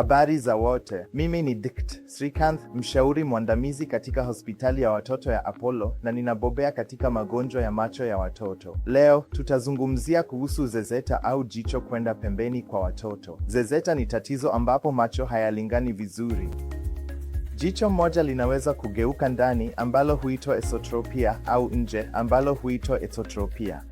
Habari za wote, mimi ni Dikt Srikanth, mshauri mwandamizi katika hospitali ya watoto ya Apollo na ninabobea katika magonjwa ya macho ya watoto. Leo tutazungumzia kuhusu zezeta au jicho kwenda pembeni kwa watoto. Zezeta ni tatizo ambapo macho hayalingani vizuri. Jicho moja linaweza kugeuka ndani ambalo huitwa esotropia au nje ambalo huitwa etotropia.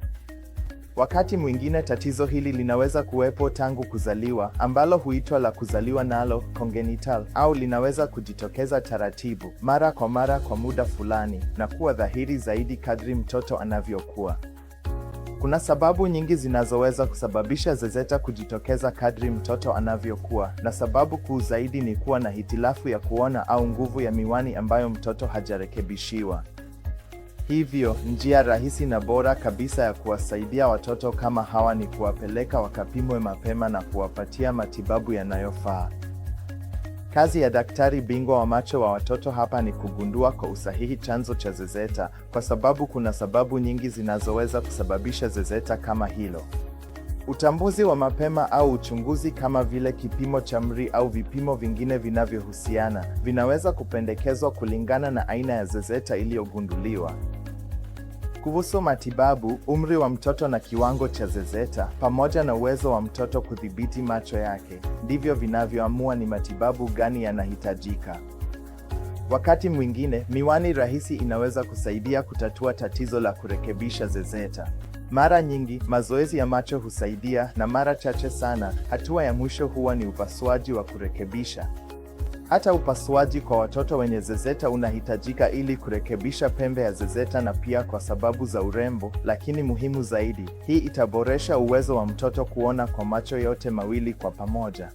Wakati mwingine tatizo hili linaweza kuwepo tangu kuzaliwa, ambalo huitwa la kuzaliwa nalo congenital, au linaweza kujitokeza taratibu, mara kwa mara, kwa muda fulani, na kuwa dhahiri zaidi kadri mtoto anavyokuwa. Kuna sababu nyingi zinazoweza kusababisha zezeta kujitokeza kadri mtoto anavyokuwa, na sababu kuu zaidi ni kuwa na hitilafu ya kuona au nguvu ya miwani ambayo mtoto hajarekebishiwa. Hivyo njia rahisi na bora kabisa ya kuwasaidia watoto kama hawa ni kuwapeleka wakapimwe mapema na kuwapatia matibabu yanayofaa. Kazi ya daktari bingwa wa macho wa watoto hapa ni kugundua kwa usahihi chanzo cha zezeta, kwa sababu kuna sababu nyingi zinazoweza kusababisha zezeta kama hilo. Utambuzi wa mapema au uchunguzi kama vile kipimo cha MRI au vipimo vingine vinavyohusiana vinaweza kupendekezwa kulingana na aina ya zezeta iliyogunduliwa kuhusu matibabu, umri wa mtoto na kiwango cha zezeta, pamoja na uwezo wa mtoto kudhibiti macho yake, ndivyo vinavyoamua ni matibabu gani yanahitajika. Wakati mwingine, miwani rahisi inaweza kusaidia kutatua tatizo la kurekebisha zezeta. Mara nyingi mazoezi ya macho husaidia, na mara chache sana hatua ya mwisho huwa ni upasuaji wa kurekebisha. Hata upasuaji kwa watoto wenye zezeta unahitajika ili kurekebisha pembe ya zezeta na pia kwa sababu za urembo, lakini muhimu zaidi, hii itaboresha uwezo wa mtoto kuona kwa macho yote mawili kwa pamoja.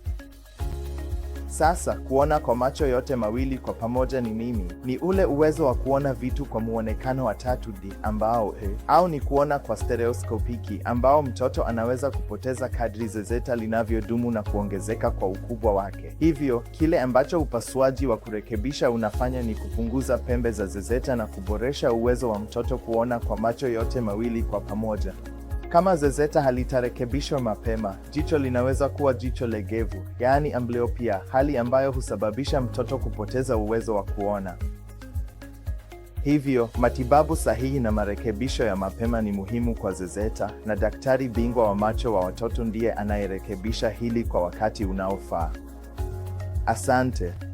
Sasa kuona kwa macho yote mawili kwa pamoja ni nini? Ni ule uwezo wa kuona vitu kwa muonekano wa 3D ambao he, au ni kuona kwa stereoskopiki ambao mtoto anaweza kupoteza kadri zezeta linavyodumu na kuongezeka kwa ukubwa wake. Hivyo kile ambacho upasuaji wa kurekebisha unafanya ni kupunguza pembe za zezeta na kuboresha uwezo wa mtoto kuona kwa macho yote mawili kwa pamoja. Kama zezeta halitarekebishwa mapema, jicho linaweza kuwa jicho legevu, yaani amblyopia, hali ambayo husababisha mtoto kupoteza uwezo wa kuona. Hivyo, matibabu sahihi na marekebisho ya mapema ni muhimu kwa zezeta, na daktari bingwa wa macho wa watoto ndiye anayerekebisha hili kwa wakati unaofaa. Asante.